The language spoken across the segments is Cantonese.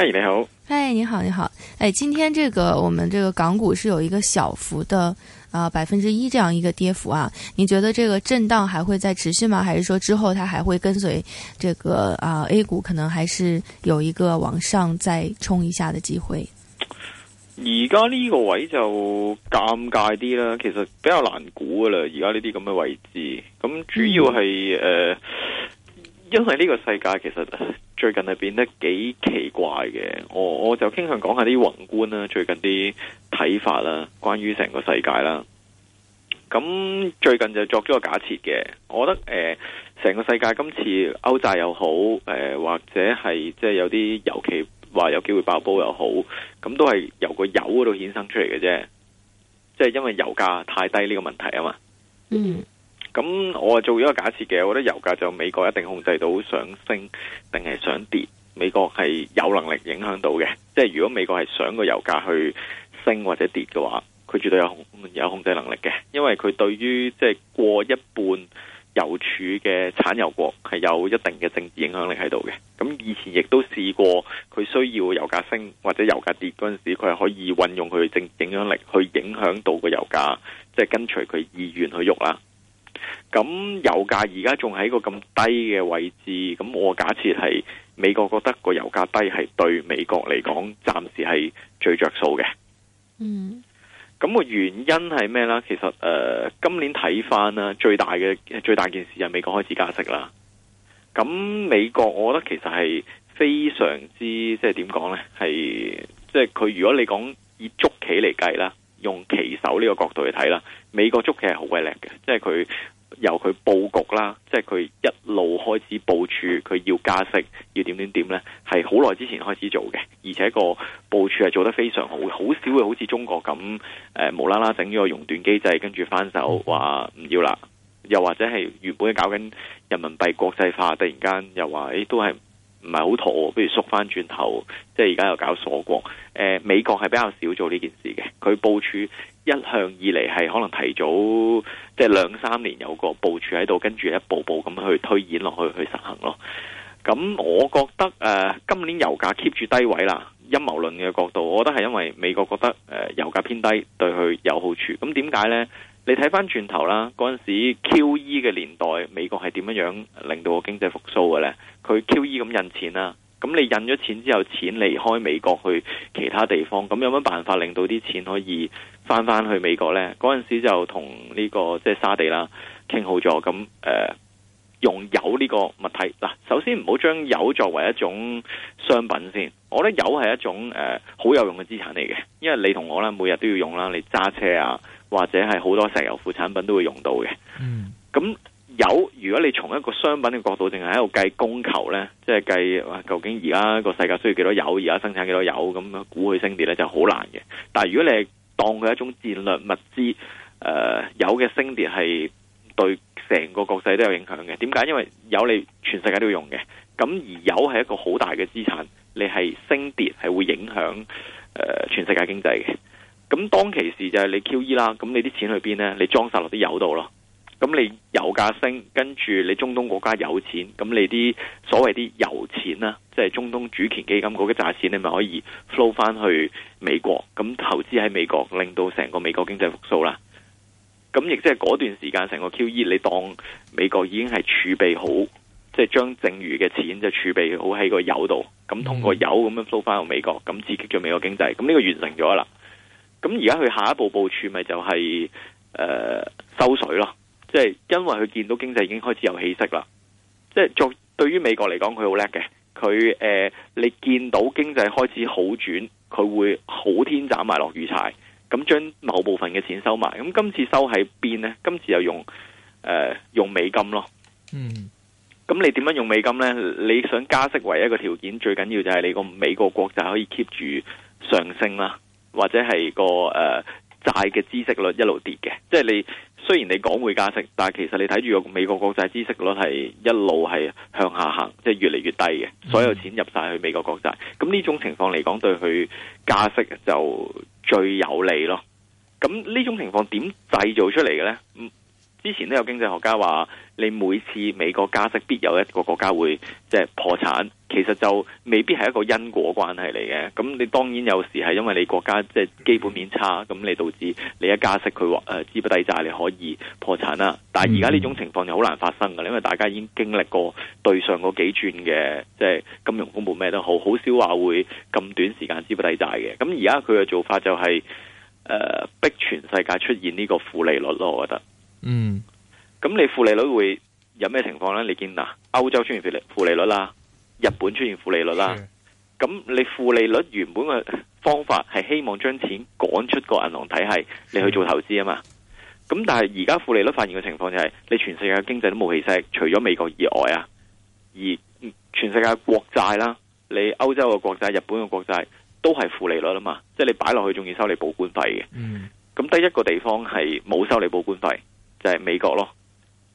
嗨，hey, 你好！嗨，hey, 你好，你好！誒、hey，今天這個我們這個港股是有一個小幅的啊百分之一這樣一個跌幅啊，你覺得這個震盪還會再持續嗎？還是說之後它還會跟隨這個啊、呃、A 股可能還是有一個往上再衝一下的機會？而家呢個位就尷尬啲啦，其實比較難估噶啦，而家呢啲咁嘅位置，咁主要係誒。嗯呃因為呢個世界其實最近係變得幾奇怪嘅，我我就經常講下啲宏觀啦，最近啲睇法啦，關於成個世界啦。咁最近就作咗個假設嘅，我覺得誒，成、呃、個世界今次歐債又好，誒、呃、或者係即係有啲油企話有機會爆煲又好，咁都係由個油嗰度衍生出嚟嘅啫，即、就、係、是、因為油價太低呢個問題啊嘛。嗯。咁我做咗個假設嘅，我覺得油價就美國一定控制到，想升定係想跌，美國係有能力影響到嘅。即係如果美國係想個油價去升或者跌嘅話，佢絕對有有控制能力嘅。因為佢對於即係、就是、過一半油儲嘅產油國係有一定嘅政治影響力喺度嘅。咁以前亦都試過，佢需要油價升或者油價跌嗰陣時，佢係可以運用佢嘅政治影響力去影響到個油價，即、就、係、是、跟隨佢意願去喐啦。咁油價而家仲喺個咁低嘅位置，咁我假設係美國覺得個油價低係對美國嚟講暫時係最着數嘅。嗯，咁個原因係咩咧？其實誒、呃，今年睇翻啦，最大嘅最大件事就係美國開始加息啦。咁美國我覺得其實係非常之即係點講呢？係即係佢如果你講以捉棋嚟計啦，用棋手呢個角度去睇啦，美國捉棋係好鬼叻嘅，即係佢。由佢佈局啦，即係佢一路開始部署，佢要加息，要點點點呢，係好耐之前開始做嘅，而且個部署係做得非常好，好少會好似中國咁誒、呃、無啦啦整咗個熔斷機制，跟住翻手話唔要啦，又或者係原本搞緊人民幣國際化，突然間又話誒、欸、都係唔係好妥，不如縮翻轉頭，即係而家又搞鎖國。呃、美國係比較少做呢件事嘅，佢部署一向以嚟係可能提早，即係兩三年有個部署喺度，跟住一步步咁去推演落去去實行咯。咁、嗯、我覺得誒、呃、今年油價 keep 住低位啦，陰謀論嘅角度，我覺得係因為美國覺得誒、呃、油價偏低對佢有好處。咁點解呢？你睇翻轉頭啦，嗰陣時 QE 嘅年代，美國係點樣樣令到個經濟復甦嘅呢？佢 QE 咁印錢啦、啊。咁你印咗錢之後，錢離開美國去其他地方，咁有乜辦法令到啲錢可以翻翻去美國呢？嗰陣時就同呢個即係沙地啦傾好咗，咁誒用油呢個物體嗱，首先唔好將油作為一種商品先，我覺得油係一種誒好有用嘅資產嚟嘅，因為你同我啦每日都要用啦，你揸車啊，或者係好多石油副產品都會用到嘅。嗯，咁。油，如果你從一個商品嘅角度，淨係喺度計供求呢，即係計究竟而家個世界需要幾多油，而家生產幾多油，咁估佢升跌呢就好難嘅。但係如果你係當佢一種戰略物資，誒、呃、油嘅升跌係對成個國際都有影響嘅。點解？因為油你全世界都要用嘅，咁而油係一個好大嘅資產，你係升跌係會影響誒、呃、全世界經濟嘅。咁當其時就係你 Q E 啦，咁你啲錢去邊呢？你裝曬落啲油度咯。咁你油價升，跟住你中東國家有錢，咁你啲所謂啲油錢啦，即係中東主權基金嗰啲炸錢，你咪可以 flow 翻去美國，咁投資喺美國，令到成個美國經濟復甦啦。咁亦即係嗰段時間，成個 Q E 你當美國已經係儲備好，即係將剩餘嘅錢就儲備好喺個油度，咁通過油咁樣 flow 翻去美國，咁刺激咗美國經濟，咁呢個完成咗啦。咁而家佢下一步部署咪就係誒收水咯。即係因為佢見到經濟已經開始有起色啦，即係作對於美國嚟講佢好叻嘅，佢誒、呃、你見到經濟開始好轉，佢會好天斬埋落雨柴，咁將某部分嘅錢收埋。咁今次收喺邊呢？今次又用誒、呃、用美金咯。嗯，咁你點樣用美金呢？你想加息唯一,一個條件，最緊要就係你個美國國債可以 keep 住上升啦，或者係個誒、呃、債嘅孳息率一路跌嘅，即係你。雖然你講會加息，但係其實你睇住個美國國債孳息率係一路係向下行，即係越嚟越低嘅。所有錢入晒去美國國債，咁呢種情況嚟講，對佢加息就最有利咯。咁呢種情況點製造出嚟嘅呢？之前都有經濟學家話，你每次美國加息，必有一個國家會即係破產。其實就未必係一個因果關係嚟嘅。咁你當然有時係因為你國家即係基本面差，咁你導致你一加息佢話誒資不抵債，你可以破產啦。但係而家呢種情況就好難發生嘅，因為大家已經經歷過對上嗰幾轉嘅即係金融風暴咩都好，好少話會咁短時間資不抵債嘅。咁而家佢嘅做法就係誒逼全世界出現呢個負利率咯，我覺得。嗯，咁你負利率會有咩情況呢？你見嗱，歐洲出現負利率啦，日本出現負利率啦。咁、嗯、你負利率原本嘅方法係希望將錢趕出個銀行體系，你去做投資啊嘛。咁、嗯、但係而家負利率發現嘅情況就係、是，你全世界嘅經濟都冇起勢，除咗美國以外啊，而全世界國債啦，你歐洲嘅國債、日本嘅國債都係負利率啦嘛，即係你擺落去仲要收你保管費嘅。咁、嗯、第一個地方係冇收你保管費。就係美國咯，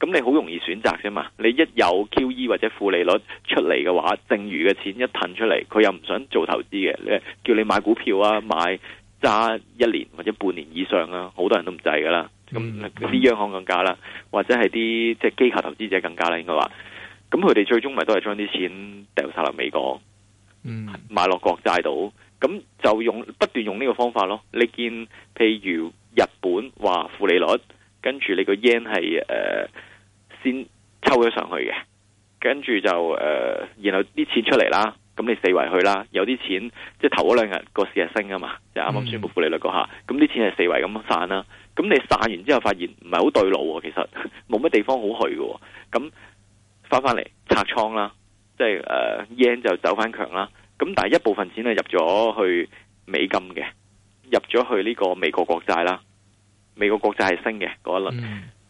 咁你好容易選擇啫嘛。你一有 QE 或者負利率出嚟嘅話，剩餘嘅錢一褪出嚟，佢又唔想做投資嘅，你叫你買股票啊，買揸一年或者半年以上啊，好多人都唔制噶啦。咁啲、嗯、央行更加啦，或者係啲即係機構投資者更加啦，應該話，咁佢哋最終咪都係將啲錢掉晒落美國，嗯，買落國債度，咁就用不斷用呢個方法咯。你見譬如日本話負利率。跟住你個 yen 係誒先抽咗上去嘅，跟住就誒、呃，然後啲錢出嚟啦，咁你四圍去啦，有啲錢即係頭嗰兩個個日個市係升噶嘛，就啱啱宣布負利率嗰下，咁啲錢係四圍咁散啦，咁你散完之後發現唔係好對路喎、啊，其實冇乜地方好去嘅、啊，咁翻翻嚟拆倉啦，即係誒 yen 就走翻強啦，咁但係一部分錢係入咗去美金嘅，入咗去呢個美國國債啦。美國國債係升嘅，嗰一輪，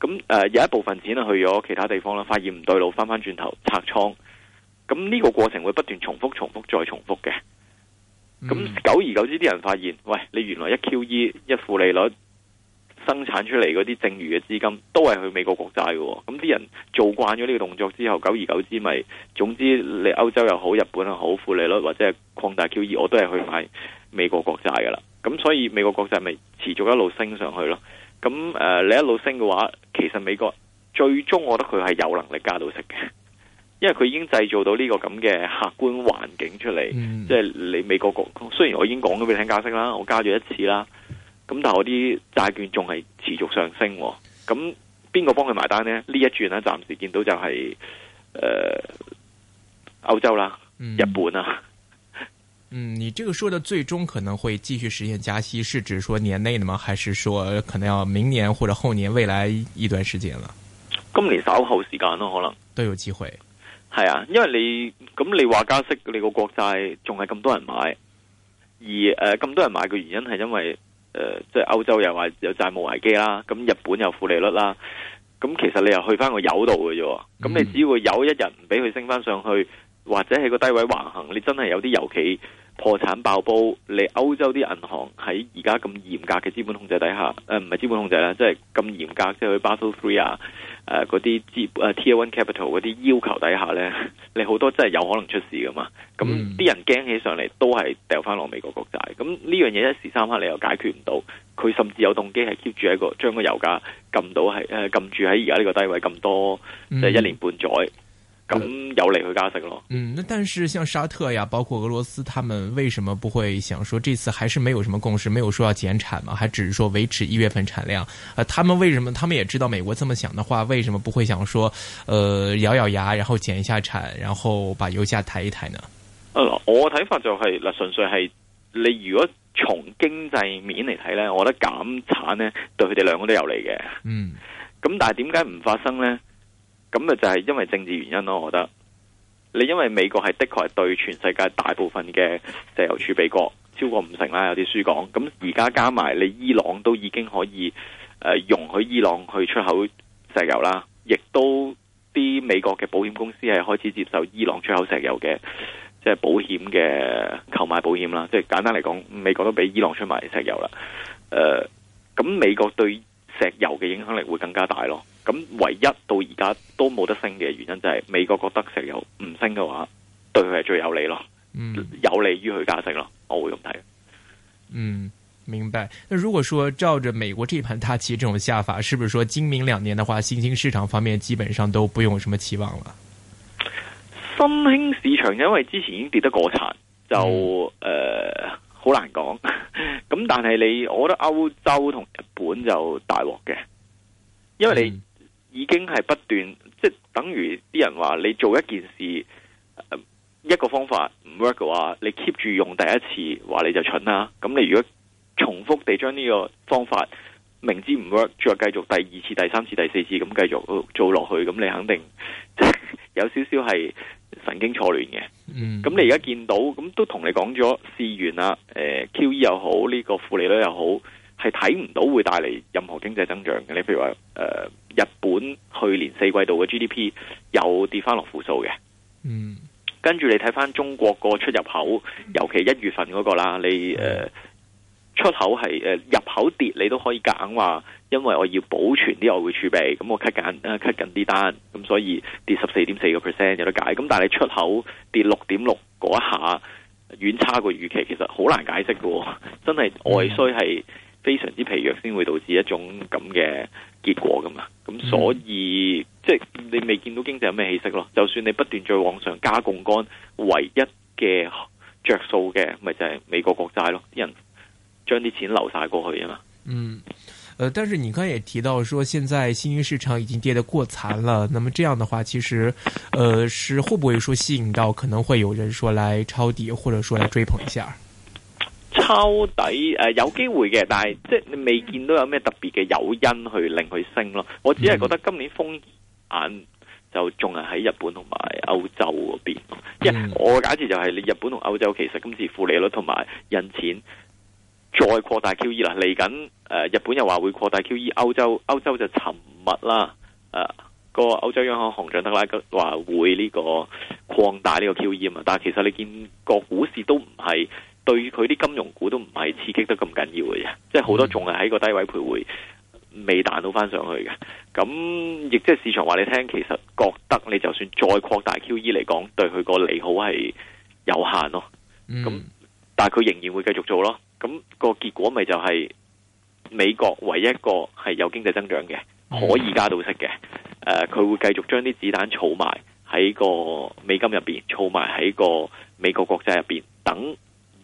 咁誒、呃、有一部分錢啊去咗其他地方啦，發現唔對路，翻翻轉頭拆倉，咁呢個過程會不斷重複、重複再重複嘅。咁久而久之，啲人發現，喂，你原來一 QE 一負利率，生產出嚟嗰啲剩餘嘅資金都係去美國國債嘅，咁啲人做慣咗呢個動作之後，久而久之、就是，咪總之你歐洲又好，日本又好，負利率或者係擴大 QE，我都係去買美國國債噶啦。咁所以美國國債咪持續一路升上去咯。咁誒、呃，你一路升嘅話，其實美國最終我覺得佢係有能力加到息嘅，因為佢已經製造到呢個咁嘅客觀環境出嚟，嗯、即係你美國國，雖然我已經講咗俾你聽加息啦，我加咗一次啦，咁但係我啲債券仲係持續上升，咁邊個幫佢埋單呢？呢一轉呢，暫時見到就係誒歐洲啦，嗯、日本啊。嗯，你這個說的最終可能會繼續實現加息，是指說年內的嗎？還是說可能要明年或者後年未來一段時間了？今年稍後時間咯，可能都有機會。係啊，因為你咁你話加息，你個國債仲係咁多人買，而誒咁、呃、多人買嘅原因係因為誒，即、呃、係、就是、歐洲又話有債務危機啦，咁日本又負利率啦，咁其實你又去翻個油度嘅啫，咁、嗯、你只要有一日唔俾佢升翻上去，或者喺個低位橫行，你真係有啲油企。破產爆煲，你歐洲啲銀行喺而家咁嚴格嘅資本控制底下，誒唔係資本控制啦，即係咁嚴格，即係佢 Basel three 啊，誒嗰啲資誒 tier one capital 嗰啲要求底下呢， 你好多真係有可能出事噶嘛，咁、嗯、啲人驚起上嚟都係掉翻落美國國債，咁呢樣嘢一時三刻你又解決唔到，佢甚至有動機係 keep 住喺個將個油價撳到係誒撳住喺而家呢個低位咁多，即、就、係、是、一年半載。嗯嗯咁有利佢加息咯。嗯，嗯，但係像沙特呀，包括俄羅斯，他們為什麼不會想說，這次還是沒有什麼共識，沒有說要減產嘛？還只是說維持一月份產量。啊，他們為什麼？他們也知道美國這麼想的話，為什麼不會想說，呃，咬咬牙然後減一下產，然後把油價抬一抬呢？啊，我睇法就係、是、嗱，純粹係你如果從經濟面嚟睇呢，我覺得減產呢對佢哋兩個都有利嘅。嗯。咁但係點解唔發生呢？咁咪、嗯、就係、是、因為政治原因咯，我覺得你因為美國係的確係對全世界大部分嘅石油儲備國超過五成啦，有啲輸港書講。咁而家加埋你伊朗都已經可以誒、呃、容許伊朗去出口石油啦，亦都啲美國嘅保險公司係開始接受伊朗出口石油嘅，即、就、係、是、保險嘅購買保險啦。即係簡單嚟講，美國都俾伊朗出賣石油啦。誒、呃，咁、嗯、美國對石油嘅影響力會更加大咯。咁唯一到而家都冇得升嘅原因，就係美國覺得石油唔升嘅話，對佢係最有利咯，嗯、有利於佢價值咯。我會咁睇。嗯，明白。那如果說照着美國這盤大棋這種下法，是不是說今明兩年的話，新興市場方面基本上都不用什麼期望啦？新興市場因為之前已經跌得過慘，就誒好、嗯呃、難講。咁 但係你，我覺得歐洲同日本就大鑊嘅，因為你。嗯已經係不斷，即等於啲人話你做一件事，呃、一個方法唔 work 嘅話，你 keep 住用第一次，話你就蠢啦。咁你如果重複地將呢個方法明知唔 work，再繼續第二次、第三次、第四次咁繼續做落去，咁你肯定 有少少係神經錯亂嘅。咁、mm. 你而家見到，咁都同你講咗，試完啦，誒、呃、，QE 又好，呢、這個負利率又好，係睇唔到會帶嚟任何經濟增長嘅。你譬如話，誒、呃。日本去年四季度嘅 GDP 又跌翻落負數嘅。嗯，跟住你睇翻中國個出入口，尤其一月份嗰個啦，你誒、呃、出口係誒、呃、入口跌，你都可以夾硬話，因為我要保存啲，外匯儲備，咁我 cut 緊 cut 緊啲單，咁所以跌十四點四個 percent 有得解。咁但係出口跌六點六嗰一下，遠差過預期，其實好難解釋嘅、哦，真係外需係，嗯非常之疲弱，先會導致一種咁嘅結果噶嘛。咁所以、嗯、即係你未見到經濟有咩起色咯。就算你不斷再往上加槓桿，唯一嘅着數嘅咪就係美國國債咯。啲人將啲錢留晒過去啊嘛。嗯、呃。但是你剛才也提到說，現在新興市場已經跌得過殘了，那麼這樣的話，其實，呃，是會不會說吸引到可能會有人說來抄底，或者說來追捧一下？抄底誒、呃，有機會嘅，但係即係你未見到有咩特別嘅誘因去令佢升咯。我只係覺得今年風險，就仲係喺日本同埋歐洲嗰邊。即係我假設就係你日本同歐洲其實今次負利率同埋印錢再擴大 QE 啦。嚟緊誒，日本又話會擴大 QE，歐洲歐洲就沉默啦。誒、呃，個歐洲央行行長德拉吉話會呢個擴大呢個 QE 嘛，但係其實你見個股市都唔係。對佢啲金融股都唔係刺激得咁緊要嘅啫，即係好多仲係喺個低位徘徊，未彈到翻上去嘅。咁亦即係市場話你聽，其實覺得你就算再擴大 QE 嚟講，對佢個利好係有限咯。咁、嗯、但係佢仍然會繼續做咯。咁、個結果咪就係美國唯一一個係有經濟增長嘅，可以加到息嘅。誒、呃，佢會繼續將啲子彈儲埋喺個美金入邊，儲埋喺個美國國債入邊等。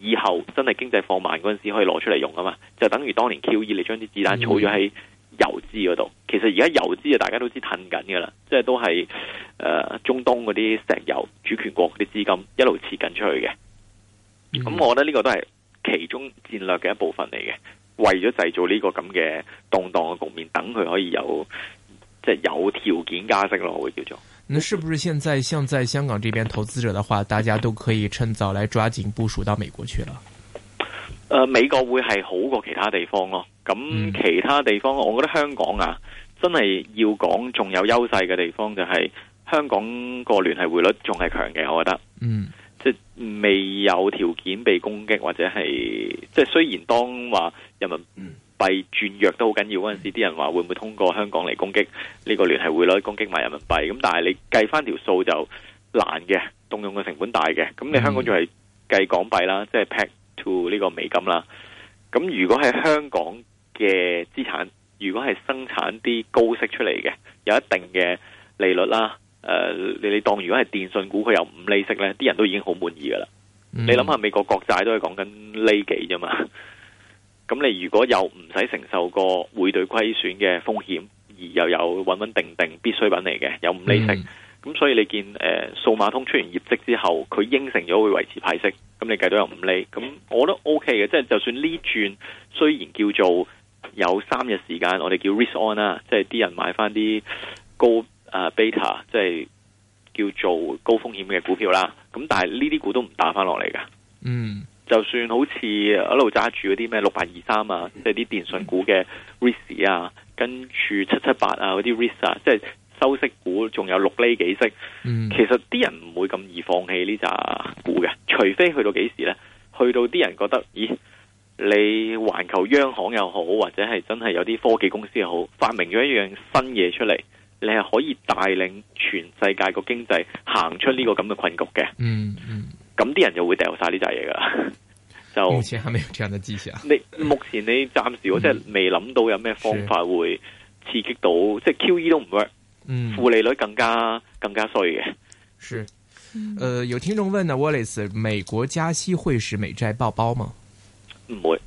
以後真係經濟放慢嗰陣時，可以攞出嚟用啊嘛，就等於當年 QE，你將啲子彈儲咗喺油資嗰度。其實而家油資啊，大家都知褪緊噶啦，即係都係誒、呃、中東嗰啲石油主權國啲資金一路撤緊出去嘅。咁、嗯、我覺得呢個都係其中戰略嘅一部分嚟嘅，為咗製造呢個咁嘅動盪嘅局面，等佢可以有即係有條件加息咯，我會叫做。那是不是現在像在香港這邊投資者的話，大家都可以趁早來抓緊部署到美國去了？誒、呃，美國會係好過其他地方咯。咁其他地方，我覺得香港啊，真係要講仲有優勢嘅地方就係、是、香港個聯繫匯率仲係強嘅，我覺得。嗯。即未有條件被攻擊或者係，即雖然當話人民。嗯幣轉弱都好緊要，嗰陣時啲人話會唔會通過香港嚟攻擊呢個聯繫匯率，攻擊埋人民幣？咁但係你計翻條數就難嘅，動用嘅成本大嘅。咁你香港仲係計港幣啦，即係 peg to 呢個美金啦。咁如果係香港嘅資產，如果係生產啲高息出嚟嘅，有一定嘅利率啦，誒、呃，你你當如果係電信股，佢有五厘息呢，啲人都已經好滿意噶啦。嗯、你諗下美國國債都係講緊呢幾啫嘛。咁你如果有唔使承受個匯兌虧損嘅風險，而又有穩穩定定必需品嚟嘅，有五厘息，咁、嗯、所以你見誒，數、呃、碼通出完業績之後，佢應承咗會維持派息，咁你計到有五厘，咁我覺得 OK 嘅，即、就、係、是、就算呢轉雖然叫做有三日時間，我哋叫 risk on 啦，即係啲人買翻啲高誒、呃、beta，即係叫做高風險嘅股票啦，咁但係呢啲股都唔打翻落嚟噶，嗯。就算好似一路揸住嗰啲咩六八二三啊，即係啲電信股嘅 risk 啊，跟住七七八啊嗰啲 risk 啊，即係收息股，仲有六厘幾息，嗯、其實啲人唔會咁易放棄呢扎股嘅，除非去到幾時咧？去到啲人覺得咦，你環球央行又好，或者係真係有啲科技公司又好，發明咗一樣新嘢出嚟，你係可以帶領全世界個經濟行出呢個咁嘅困局嘅，嗯。嗯嗯。咁啲人就會掉晒呢隻嘢噶， 就目前還沒有這樣的跡象。你目前你暫時我即係未諗到有咩方法會刺激到，即係 QE 都唔 work，嗯，負利率更加更加衰嘅。是，呃，有聽眾問呢，Wallace，美國加息會使美債爆包,包嗎？唔會，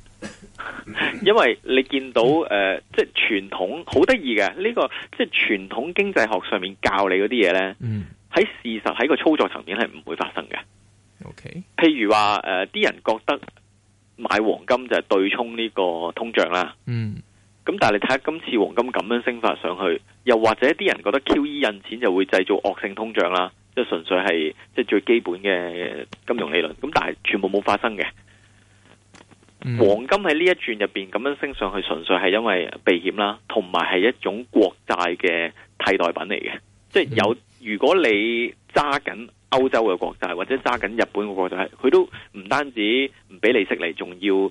因為你見到誒、呃，即係傳統好得意嘅呢個，即係傳統經濟學上面教你嗰啲嘢咧，喺事實喺個操作層面係唔會發生嘅。OK，譬如話誒，啲，呃，人覺得買黃金就係對沖呢個通脹啦。嗯，咁但係你睇下今次黃金咁樣升法上去，又或者啲人覺得 QE 印錢就會製造惡性通脹啦，即係純粹係即係最基本嘅金融理論。咁但係全部冇發生嘅。嗯，黃金喺呢一轉入邊咁樣升上去，純粹係因為避險啦，同埋係一種國債嘅替代品嚟嘅，即係有。嗯如果你揸緊歐洲嘅國債或者揸緊日本嘅國債，佢都唔單止唔俾利息你，仲要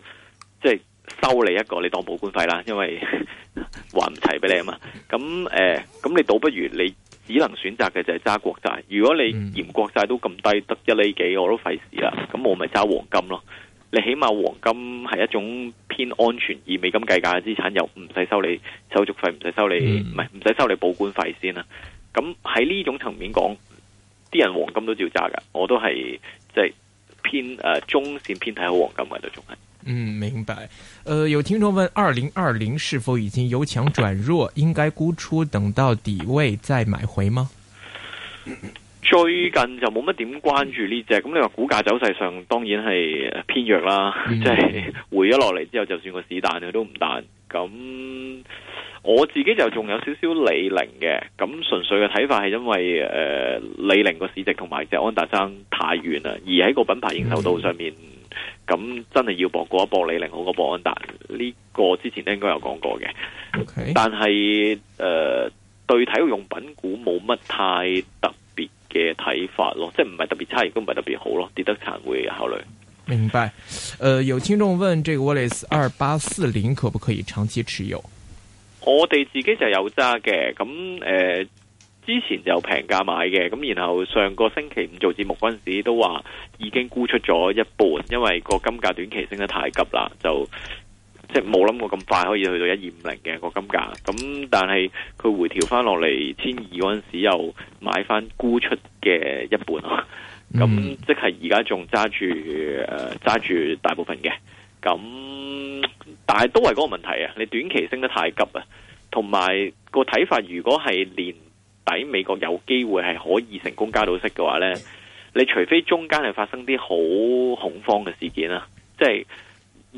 即係收你一個你當保管費啦，因為 還唔齊俾你啊嘛。咁誒，咁、呃、你倒不如你只能選擇嘅就係揸國債。如果你嫌國債都咁低得一厘幾，我都費事啦。咁我咪揸黃金咯。你起碼黃金係一種偏安全以美金計價嘅資產，又唔使收你手續費，唔使收你唔係唔使收你保管費先啦。咁喺呢種層面講，啲人黃金都照揸噶，我都係即係偏誒中線偏睇好黃金嘅都仲係。嗯，明白。誒、呃，有聽眾問：二零二零是否已經由強轉弱？應該沽出，等到底位再買回嗎？最近就冇乜點關注呢隻，咁你話股價走勢上當然係偏弱啦，即係、嗯、 回咗落嚟之後，就算個市彈佢都唔彈咁。我自己就仲有少少李寧嘅，咁，純粹嘅睇法係因為誒、呃、李寧個市值同埋隻安達爭太遠啦。而喺個品牌認受度上面，咁、嗯、真係要博過一博李寧好過博安達呢、這個之前應該有講過嘅。Okay. 但係誒、呃、對體育用品股冇乜太特別嘅睇法咯，即係唔係特別差，亦都唔係特別好咯。跌得殘會考慮。明白？誒、呃，有聽眾問：這個 Wallace 二八四零可不可以長期持有？我哋自己就有揸嘅，咁誒、呃，之前就平價買嘅，咁然後上個星期五做節目嗰陣時都話已經沽出咗一半，因為個金價短期升得太急啦，就即係冇諗過咁快可以去到一二五零嘅個金價，咁但係佢回調翻落嚟千二嗰陣時又買翻沽出嘅一半咯，咁、嗯、即係而家仲揸住誒揸住大部分嘅，咁。但係都係嗰個問題啊！你短期升得太急啊，同埋個睇法，如果係年底美國有機會係可以成功加到息嘅話呢，你除非中間係發生啲好恐慌嘅事件啊，即係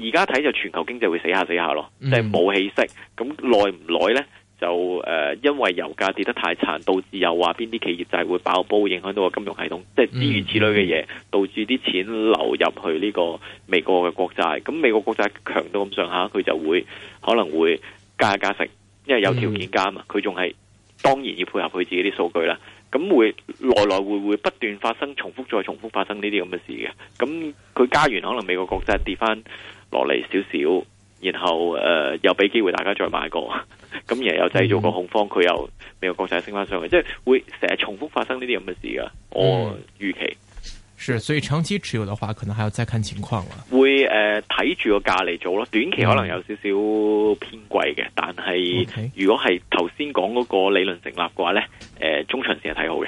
而家睇就全球經濟會死下死下咯，嗯、即係冇起色。咁耐唔耐呢？就誒、呃，因為油價跌得太慘，導致又話邊啲企業就係會爆煲，影響到個金融系統，即係諸如此類嘅嘢，導致啲錢流入去呢個美國嘅國債。咁美國國債強到咁上下，佢就會可能會加一加息，因為有條件加嘛。佢仲係當然要配合佢自己啲數據啦。咁會來來回回不斷發生，重複再重複發生呢啲咁嘅事嘅。咁佢加完可能美國國債跌翻落嚟少少。然後誒、呃、又俾機會大家再買過，咁而又製造個恐慌，佢、嗯、又美國國債升返上去，即係會成日重複發生呢啲咁嘅事噶。嗯、我預期所以長期持有嘅話，可能還要再看情況啦。會誒睇住個價嚟做咯，短期可能有少少偏貴嘅，但係 Okay. 如果係頭先講嗰個理論成立嘅話呢，誒、呃、中長線係睇好嘅。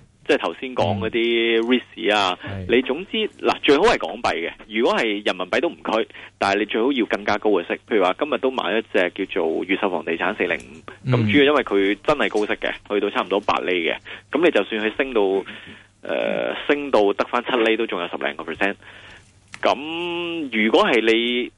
即係頭先講嗰啲 risk 啊，係嘅。你總之嗱最好係港幣嘅，如果係人民幣都唔區，但係你最好要更加高嘅息，譬如話今日都買一隻叫做越秀房地產四零五，咁主要因為佢真係高息嘅，去到差唔多八厘嘅，咁你就算佢升到誒、呃、升到得翻七厘都仲有十零個 percent，咁如果係你。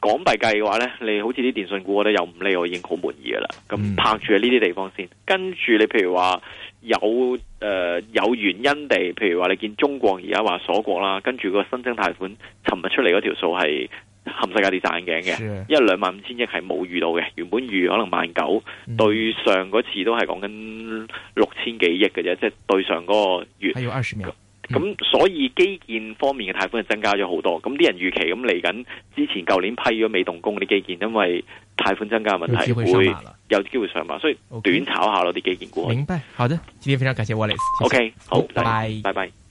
港幣計嘅話呢，你好似啲電訊股，我覺得有唔利，我已經好滿意㗎喇。咁拍住喺呢啲地方先，跟住你譬如話有誒、呃、有原因地，譬如話你見中國而家話鎖國啦，跟住個新增貸款尋日出嚟嗰條數係冚世界啲散眼鏡嘅，是的 因為一兩萬五千億係冇預到嘅，原本預可能萬九，對上嗰次都係講緊六千幾億嘅啫，即、就、係、是、對上嗰個月。咁、嗯、所以基建方面嘅貸款係增加咗好多，咁啲人預期咁嚟緊之前舊年批咗未動工啲基建，因為貸款增加嘅問題會，會有啲機會上馬，會上馬，所以短炒下咯啲基建股。明白，好的，今天非常感謝 Wallace。謝謝 OK，好，拜拜，拜拜。